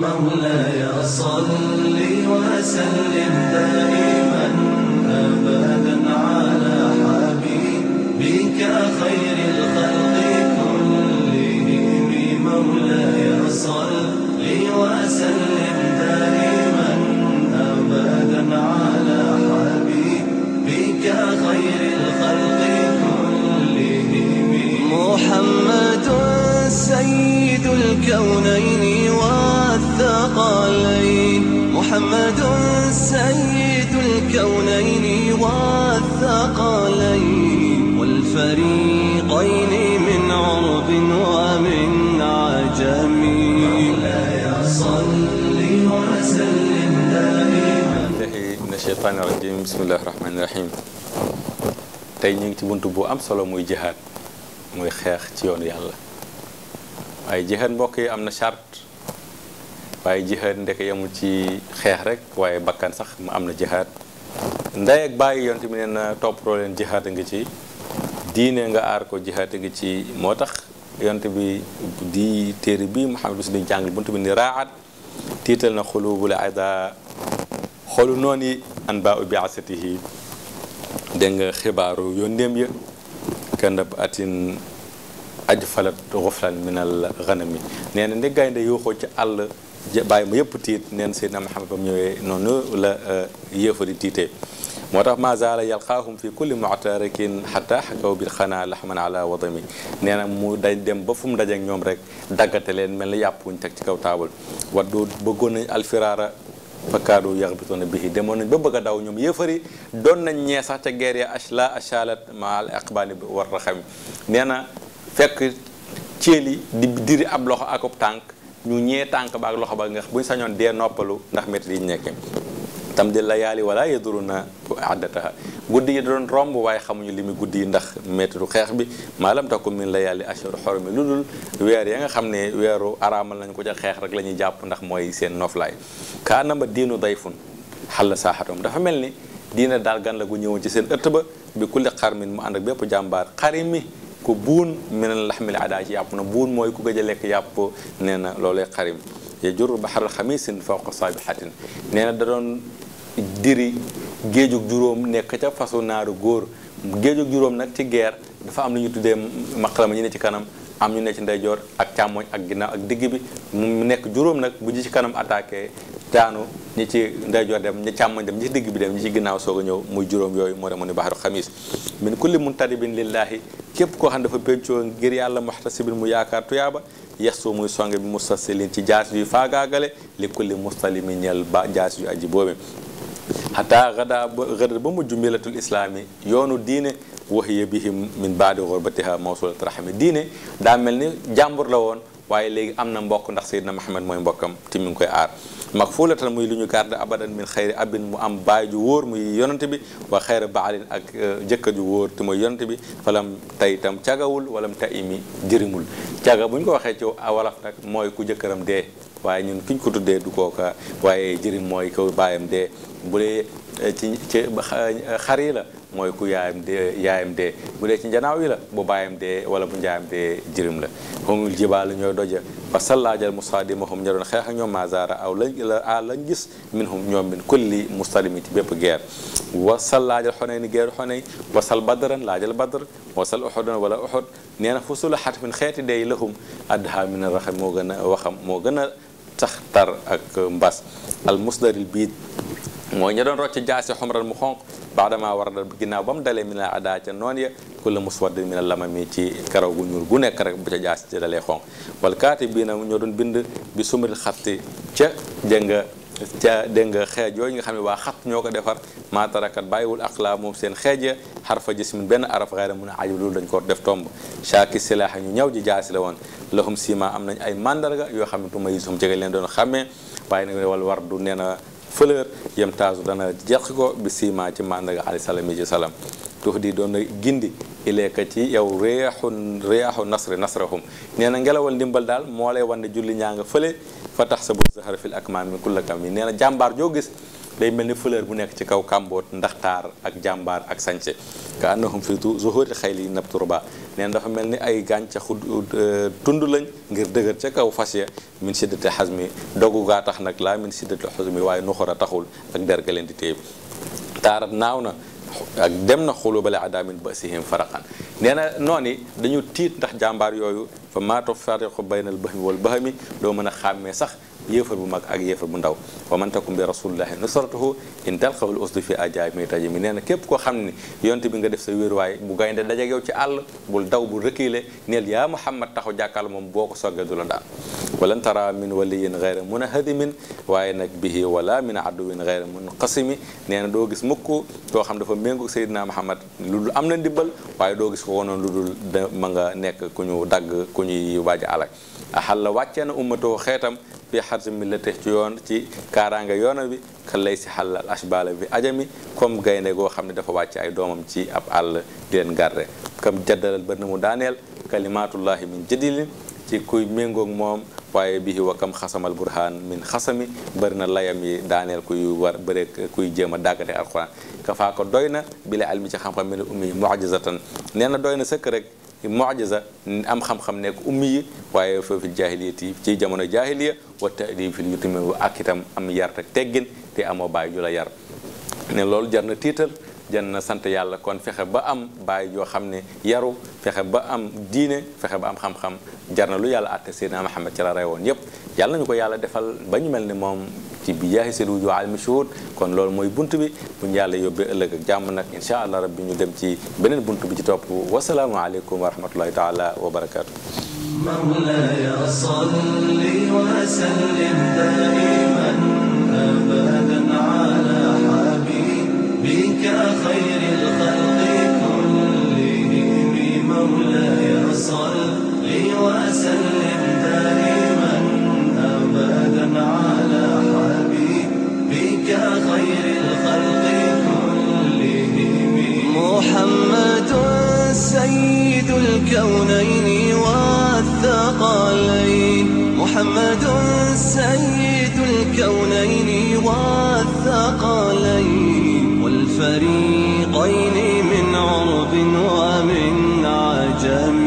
مولاي صل وسلم دائما ابدا على حبيبك خير محمد سيد الكونين والثقلين والفريقين من عرب ومن عجم مولاي صل وسلم دائما من الشيطان الرجيم بسم الله الرحمن الرحيم tey ñu ngi ci bunt bu am solo muy jihaad muy xeex ci yoonu yàlla waaye jihaad mbokk yi am na charte waaye jihaad ndeke yamul ci xeex rek waaye bakkan sax mu am na jihaad ndey ak bàyyi yonte bi nee na toppatoo leen a ngi ci diine nga aar ko jihaad a ngi ci moo tax yonte bi di téere bi mu Muhammadu si di jàng bunt bi ni raat tiital na xulubul ada xolu noonu yi an ba u biasatihi dégg nga xibaaru yónneem ya kandab atin aj falat xuflan minal xanami nee na ne yuuxoo ci àll baay ma yëpp tiit neen Seydina Muhammad ba mu ñëwee noonu la euh, yéefari tiitee moo tax ma zaala yalqaahum fi kulli muctarakin xata xakaw bir xanaa laxman ala wadami nee na mu day dem ba fu mu dajeek ñoom rek daggate leen mel ni yàpp wuñ teg ci kaw taabal waddu bëggoon nañ alfiraara fakkaadu yaxbitoona bihi demoon nañ ba bëgg a daw ñoom yéefari doon nañ ñee sax ca guerre ya ashla ashalat ma al aqbaani war raxami nee na fekk ceeli di diri ab loxo akub tànk ñu ñee tànk ba ak loxo ba nga buñ sañoon dee noppalu ndax métti yi ñu nekkee tam di la yaali wala yaduruna addataha guddi yi doon romb waaye xamuñu li mu guddi yi ndax méttitu xeex bi maalam takun min la yaali ashhur xorom yi lu weer ya xam ne weeru araamal nañ ko ca xeex rek la ñuy jàpp ndax mooy seen noflaay kaanama diinu dayfun xalla saaxatum dafa mel ni diina daal gan la gu ñëwoon ci seen ëtt ba bi kulli xarmin mu ànd ak bépp jàmbaar xari mi ku buun meneen laxmil adaa ci yàpp na buun mooy ku gëj a lekk yàpp nee na loolay xarim ya jur baxaral xamisin fawqa saabihatin nee na da doon diri géejug juróom nekk ca fasu naaru góor géejug juróom nag ci geer dafa am lu ñu tuddee maqalama ñu ne ci kanam am ñu ne ci ndeyjoor ak càmmoñ ak ginnaaw ak digg bi mu nekk juróom nag bu ñu ci kanam attaqué taanu ñu ci ndeyjoor dem ñi càmmoñ dem ñi ci bi dem ci ginnaaw soog a ñëw muy juróom yooyu moo demoon ni baxaru xamis min kulli muntaribin lillahi képp koo xam dafa pencoo ngir yàlla muxtasibin mu yaakaar tuyaaba yestu muy songe bi mustasilin ci jaas yu faagaagale li kulli mustalimi ñeel ba jaas yu aji boobe xataa xadaa xëdal ba mujj millatul islaami yoonu diine waxiya bihim min baadi xurbatiha mawsulat rahmi diine daa mel ni jàmbur lawoon waaye léegi am na mbokk ndax Seydina Muhammad mooy mbokkam te mi ngi koy aar makfulatan muy lu ñu garde abadan min xayri abin mu am baay ju wóor muy yonante bi wa xayra baalin ak euh, jëkkër ju wóor te mooy yonante bi falam tay itam cagawul walam ta imi jërimul caga bu ñu ko waxee ci awalaf nag mooy ku jëkkëram dee waaye ñun ki ñu ko tuddee du kooka waaye jërim mooy ko baayam de bu ci ci xar la mooy ku yaayam dee yaayam dee bu dee ci njanaaw yi la bu baayam dee wala bu njaayam dee jërim la xumul jibaal ñooy doja fa sallaajal musaadimahum ña doon xeex ak ñoom mazara aw lañ la a lañ gis min hum ñoom min kulli mustalimi ci bépp guerre wa sal laajal xoney ni guerre xoney wasal badran laajal badr wasal uxudan wala uxud nee na fu xat min xeeti day lahum addaha min moo gën a waxam moo gën a sax tar ak mbas al musdaril biit mooy ña doon rocc jaasi xumran mu xonq baadama war a ginnaaw ba mu dalee mi na adaa ca noon ya kulla muswaddin mi na lamami ci karaw gu ñuul gu nekk rek bu ca jaasi ci dalee xonq wal kaati bii na ñoo doon bind bi sumril xatti ca jënga ca dégg nga xeej yooyu nga xam ne waa xat ñoo ko defar maatarakat bàyyiwul aqlaa moom seen xeej ya xarfa jismin benn araf xayra mun a ajib loolu dañ ko def tomb shaaki silaaha ñu ñëw ji jaasi la woon lahum sima am nañ ay mandarga yoo xam ne tuma yi sum jege leen doon xàmmee waaye nag wal war du nee na fleur yem taasu dana jeq ko bi siima ci mandaga ali salami ci salam tux di doon na gindi ileeka ci yow réexu réexu nasri nasrahum nee na ngelawal ndimbal daal moo lay wan ne julli ñaa nga fële fa tax sa bu zahara fil akmaam min kullakam yi nee na jàmbaar joo gis day mel ni fuleur bu nekk ci kaw kàmboot ndaxtaar ak jàmbaar ak sañse ka annahum fi zuhuri xayli nabturba neen dafa mel ni ay gàncaxu euh, tund lañ ngir dëgër ca kaw fas ya min siddati xasmi dogu gaa tax nag laa min siddati mi waaye nuxura taxul ak derga leen di téye taarat naaw na ak dem na xulu bale adaamin ba sihim faraqan nee na nooni dañu tiit ndax jàmbaar yooyu fa maata fariqu baynal bahmi wal bahmi doo mën a xàmmee sax yéefar bu mag ak yéefar bu ndaw wa man takum bi rasulillahi nusratuhu in talqawul usdu fi ajaayib mi taji mi nee na képp koo xam ne yonte bi nga def sa wéeruwaay bu gaynde dajeeg yow ci àll bul daw bu reculer neel yaa Muhammad taxaw jàkkaarloo moom boo ko soggee du la daan walan tara min waliyin gayra munahadimin waaye nag bihi wala min aduwin gayra munqasimi nee na doo gis mukk koo xam dafa méngu Seydina Muhammad lu dul am na ndibbal waaye doo gis ko wonoon lu dul ma nga nekk ku ñu dagg ku ñuy waaj alak axalla wàccee na ummatoo xeetam fi xarsi millati ci yoon ci kaaraanga yoona bi ka lay si xallal ashbala bi ajami comme gaynde goo xam ne dafa wàcc ay doomam ci ab àll di leen garde kam jaddalal ba na mu daaneel min jadilin ci kuy méngoog moom waaye bihi wakam xasamal burhan min xasami bëri na layam yi daaneel kuy war bëre kuy jéem a dàggate alquran kafaa ko doy na bile almi ci xam-xam mi ne ummi mujizatan nee na doy na sëkk rek mujiza am xam-xam nekk ummi yi waaye foofu jaahiliyati ci jamono jaahiliya wa ta'dib fil yutimi ak itam am yar teggin te amoo bàyyi jula yar ne loolu jar na tiital jan na sant yàlla kon fexe ba am baay joo xam ne yaru fexe ba am diine fexe ba am xam-xam jar na lu yàlla àtte Seydina Muhammad ci la rey woon yépp yàlla nañu ko yàlla defal ba ñu mel ni moom ci bi yaahi seen wuju almi shuhud kon loolu mooy bunt bi mu ñu yàlla yóbbee ëllëg ak jàmm nag insha allah rabbi ñu dem ci beneen bunt bi ci topp wasalaamu aleykum wa rahmatullahi taala wa barakaatu مولاي صل وسلم دائما كخير الخلق كلهم مولاي صل وسلم دائما أبدا على حبيبك خير الخلق كلهم محمد سيد الكون الفريقين من عرب ومن عجم